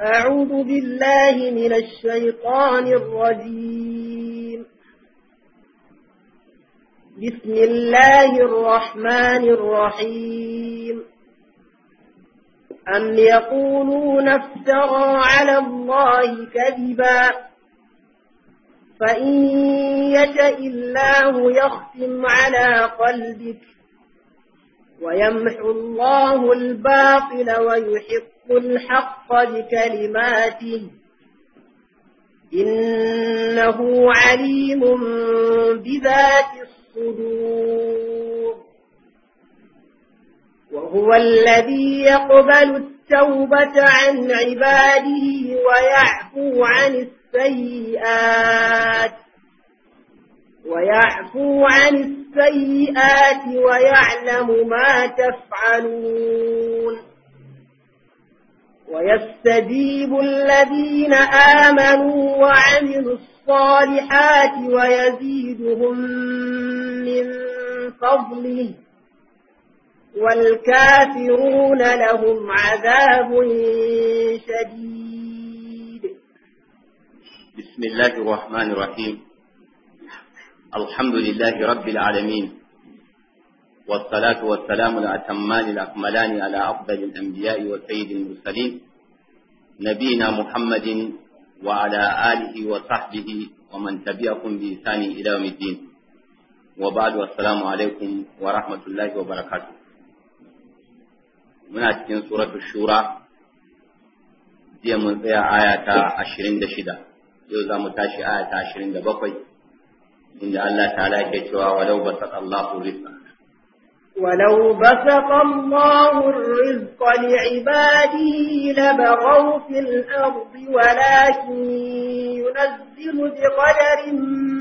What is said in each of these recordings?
أعوذ بالله من الشيطان الرجيم بسم الله الرحمن الرحيم أم يقولون افترى على الله كذباً فإن يشاء الله يختم على قلبك ويمحو الله الباطل ويحق الحق بكلماته إنه عليم بذات الصدور وهو الذي يقبل التوبة عن عباده ويعفو عن السلام السيئات ويعفو عن السيئات ويعلم ما تفعلون ويستجيب الذين آمنوا وعملوا الصالحات ويزيدهم من فضله والكافرون لهم عذاب شديد بسم الله الرحمن الرحيم الحمد لله رب العالمين والصلاة والسلام الأتمان الأكملان على أفضل الأنبياء والسيد المرسلين نبينا محمد وعلى آله وصحبه ومن تبعكم بإحسان إلى يوم الدين وبعد والسلام عليكم ورحمة الله وبركاته من أتكين سورة الشورى دي من فيها aya ta ashirin yau za mu tashi aya ta ashirin da bakwai inda Allah ta'ala ke cewa walau basata Allahu rizqa ولو بسط الله الرزق لعباده لبغوا في الأرض ولكن ينزل بقدر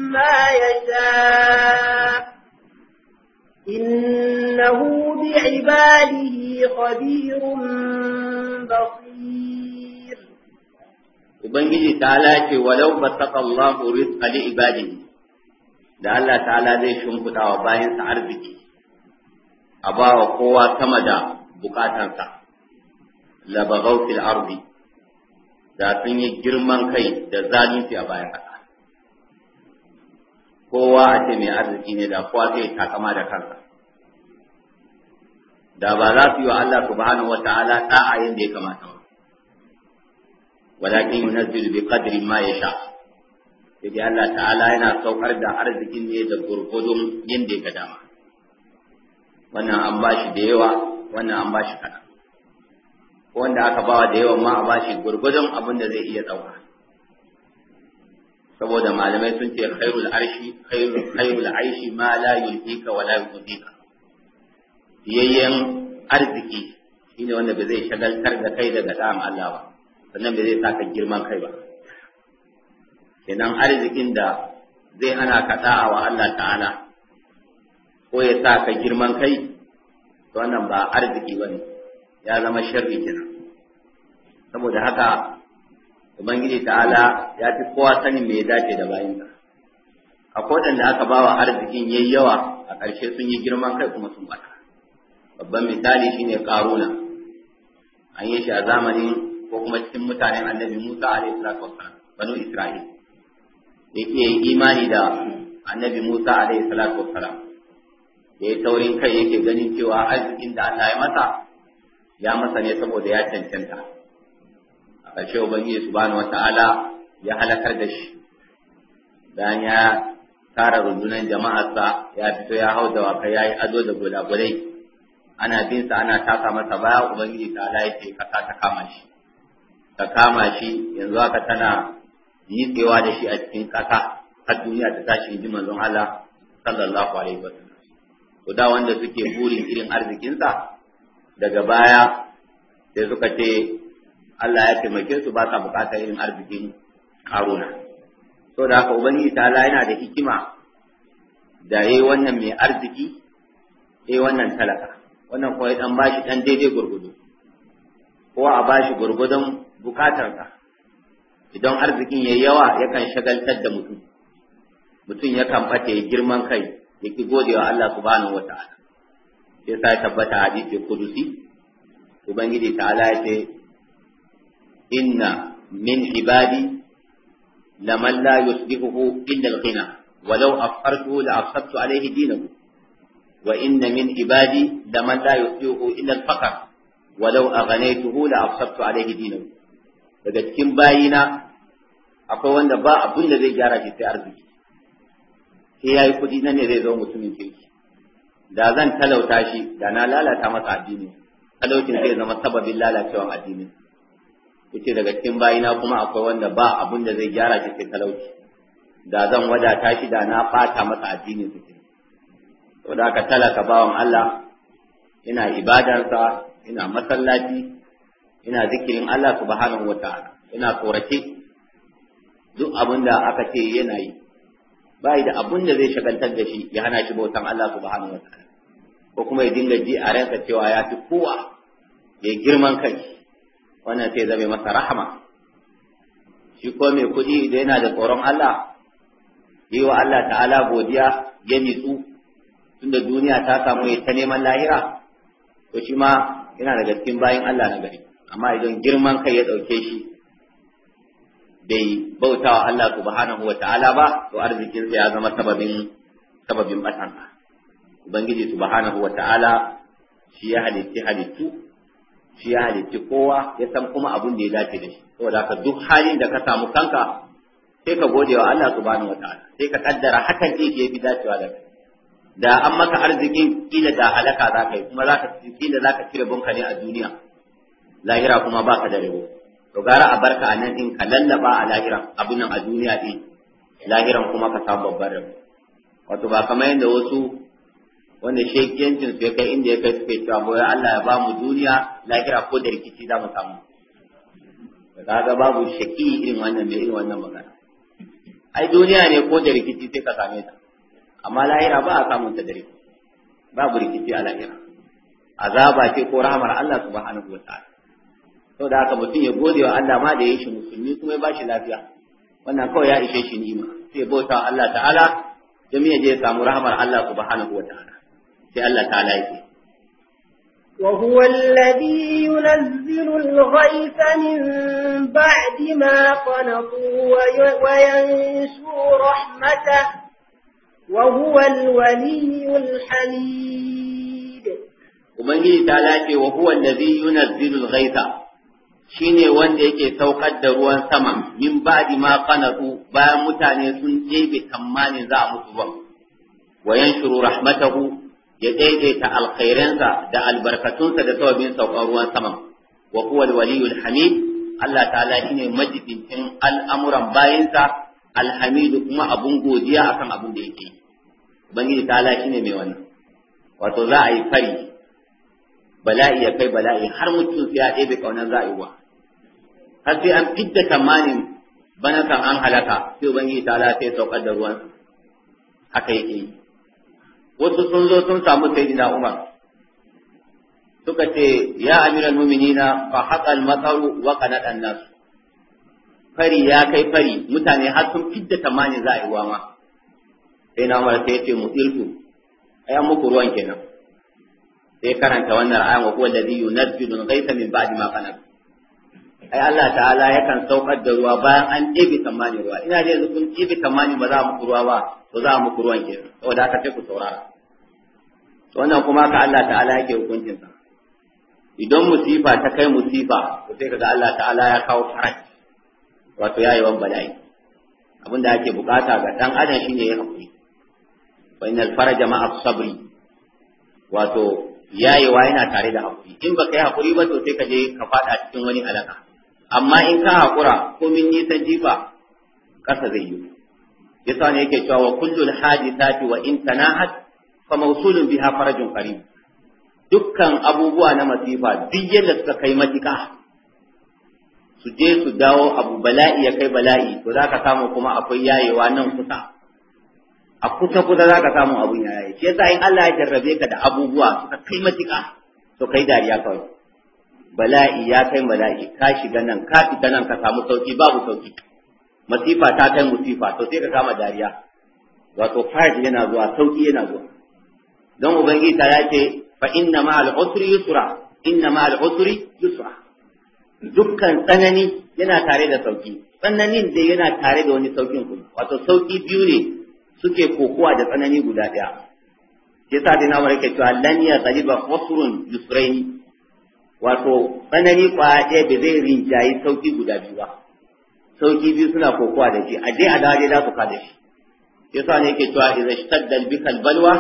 ما يشاء إنه بعباده خبير بصير ubangiji ta'ala ce walau saƙa Allahu rizqa Ali ibadin da Allah ta'ala zai shimfiɗa wa bayansa arziki a ba wa kowa sama da bukatansa labarau fil arzi da sun yi girman kai da zalunci a bayan ƙasa kowa a ce mai arziki ne da kowa zai takama da kansa da ba za su yi wa Allah subhanahu wa ta'ala da'a da ya kamata ba walakin yunazzilu bi qadri ma yasha sai Allah ta'ala yana saukar da arzikin ne da gurgudun yadda ya dama wannan an bashi da yawa wannan an bashi kaɗan wanda aka bawa da yawa ma a bashi gurgudun abinda zai iya ɗauka saboda malamai sun ce khairul arshi khairul aishi ma la yulhika wa la yudika yayyan arziki shine wanda ba zai shagaltar da kai daga da'am Allah ba sannan bai zai sa ka girman kai ba kenan arzikin da zai hana ka da'a wa Allah ta'ala ko ya sa ka girman kai to wannan ba arziki bane ya zama sharri kenan saboda haka ubangiji ta'ala ya fi kowa sanin me ya dace da bayinsa akwai da aka bawa arzikin yayi yawa a ƙarshe sun yi girman kai kuma sun bata babban misali shine karuna an yi shi a zamanin ko kuma cikin mutanen annabi Musa alaihi salatu wassalam banu Isra'il yake imani da annabi Musa alaihi salatu wassalam da ya taurin kai yake ganin cewa arzikin da Allah ya masa ya masa ne saboda ya cancanta a ƙarshe ubangiji subhanahu wata'ala ya halakar da shi bayan ya tara rundunar jama'arsa ya fito ya hau dawaka ya yi ado da gulagulai ana bin sa ana taka masa baya ubangiji ta ala yake kasa ta kama shi ka kama shi yanzu haka tana nitsewa da shi a cikin ƙasa har duniya ta tashi ji manzon Allah sallallahu alaihi wasallam to da wanda suke burin irin arzikinsa daga baya sai suka ce Allah ya taimake su ba sa bukatar irin arzikin Haruna so da haka ubangiji ta yana da hikima da yayi wannan mai arziki yayi wannan talaka wannan kuma ya dan bashi dan daidai gurgudu ko a bashi gurgudun bukatarsa idan arzikin ya yawa yakan shagaltar da mutum mutum yakan fata ya girman kai ya ki gode wa Allah subhanahu wata'ala sai sa tabbata hadisi kudusi ubangiji ta'ala ya ce inna min ibadi laman la yusbihuhu illa al-ghina walau afartu la afsabtu alayhi dinahu wa inna min ibadi laman la yusbihuhu illa al-faqr walau aghnaytuhu la afsabtu alayhi dinahu daga cikin bayina akwai wanda ba abin da zai gyara shi sai arziki sai ya yi kuɗi nan ne zai zo mutumin kirki da zan talauta shi da na lalata masa addini talaucin zai zama sababin lalacewan addini yace daga cikin bayina kuma akwai wanda ba abin da zai gyara shi sai talauci da zan wadata shi da na ɓata masa addini su ce saboda haka talaka bawan Allah ina ibadarsa ina masallaci ina zikirin Allah subhanahu wa ta'ala ina tsorace duk abin da aka ce yana yi ba da abin da zai shagaltar da shi ya hana shi bautan Allah subhanahu wa ta'ala ko kuma ya dinga ji a ranka cewa ya fi kowa ya girman kai wannan sai zame masa rahama shi ko mai kuɗi da yana da tsoron Allah yi wa Allah ta'ala godiya ya nitsu tunda duniya ta samu ya ta neman lahira to shi ma yana da cikin bayan Allah na gari amma idan girman kai ya ɗauke shi bai bauta wa Allah subhanahu wa ta'ala ba to arzikinsa ya zama sababin sababin batansa ubangiji subhanahu wa ta'ala shi ya halitti halittu shi ya halitti kowa ya san kuma abun da ya dace da shi saboda ka duk halin da ka samu kanka sai ka gode wa Allah subhanahu wa ta'ala sai ka kaddara hakan ne ke fi dacewa da kai da an maka arzikin kila da halaka za ka yi kuma za ka kila za ka cire bunka ne a duniya lahira kuma ba ka da rabo to gara a barka a nan din ka lallaba a lahira abin nan a duniya din lahiran kuma ka samu babban rabo wato ba kamar yadda wasu wanda shekiyancin su ya kai inda ya kai suke cewa boye Allah ya ba mu duniya lahira ko da rikici za mu samu ga babu shaki irin wannan mai irin wannan magana ai duniya ne ko da rikici sai ka same ta amma lahira ba a samun ta da rikici babu rikici a lahira azaba ce ko rahmar Allah subhanahu wataala Sau da haka mutum ya gode wa Allah ma da ya shi musulmi kuma ya ba shi lafiya wannan kawai ya ishe shi ni'ima sai bauta wa Allah ta'ala domin ya je ya samu rahmar Allah subhanahu wa ta'ala sai Allah ta'ala yake وهو الذي ينزل الغيث من بعد ما قنطوا وينشر رحمته Shi ne wanda yake saukar da ruwan sama min ba'di ma qanatu bayan mutane sun jebe tsammanin za a mutu ban wa yanshuru rahmatahu ya daidaita alkhairansa da albarkatunsa da sababin saukar ruwan sama wa huwa alwaliyul hamid Allah ta'ala shine majibincin al'amuran bayinsa alhamidu kuma abun godiya akan abun da yake ubangiji ta'ala shine mai wannan wato za a yi fari bala'i ya kai bala'i har mutum sai ya ɗebe ƙaunar rayuwa har sai an fidda tamanin bana kan an halaka sai ubangiji ta ala sai saukar da ruwan haka yake yi wasu sun zo sun samu sayyidina umar suka ce ya amiral mu'minina fa haqa al-mataru wa qanata an-nas fari ya kai fari mutane har sun fidda tamanin za a yi ma sai na umar sai ya ce mutilku ai an muku ruwan kenan sai karanta wannan ayan wa huwa alladhi yunazzilu al-ghaytha min ba'di ma qanat ai Allah ta'ala yakan saukar da ruwa bayan an ɗebe tsammanin ruwa ina da yanzu kun ɗebe tsammanin ba za mu ruwa ba to za mu ruwan ke saboda haka sai ku saurara to wannan kuma ka Allah ta'ala yake hukuncin sa idan musifa ta kai musifa to sai kaga Allah ta'ala ya kawo faraj wato yayi wan bala'i abinda ake bukata ga dan adam shine ya hakuri wa innal faraja ma'a sabri wato yayewa yana tare da hakuri in baka yi hakuri ba to sai ka je ka faɗa cikin wani alaka amma in ka hakura ko min nisan jifa kasa zai yi Ya ne yake cewa wa kullul hadithati wa in tanahat fa mawsulun biha farajun qarib dukkan abubuwa na masifa duk yadda suka kai matika su je su dawo abu bala'i ya kai bala'i to za ka samu kuma akwai yayewa nan kusa a kusa kusa za ka samu abun ya yi shi yasa in Allah ya jarrabe ka da abubuwa suka kai matuƙa to kai dariya kawai bala'i ya kai bala'i ka shiga nan ka fita nan ka samu sauki babu sauki masifa ta kai musifa to sai ka kama dariya wato faraj yana zuwa sauki yana zuwa don ubangiji ta yace fa inna ma al-usri yusra inna ma al-usri yusra dukkan tsanani yana tare da sauki tsananin dai yana tare da wani saukin kuma wato sauki biyu ne suke kokowa da tsanani guda ɗaya Ya sa dina mara ke cewa lan ya galiba fasrun yusraini wato tsanani kwaya ɗaya ba zai rinjayi sauki guda biyu ba sauki biyu suna kokowa da shi a dai a dawo za su da shi sa ne ke cewa idza ishtadda bika albalwa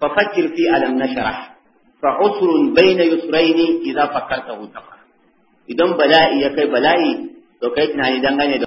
fa fakkir fi alam nashrah fa usrun bayna yusraini idza fakkartahu tafar idan bala'i ya kai bala'i to kai tunani dangane da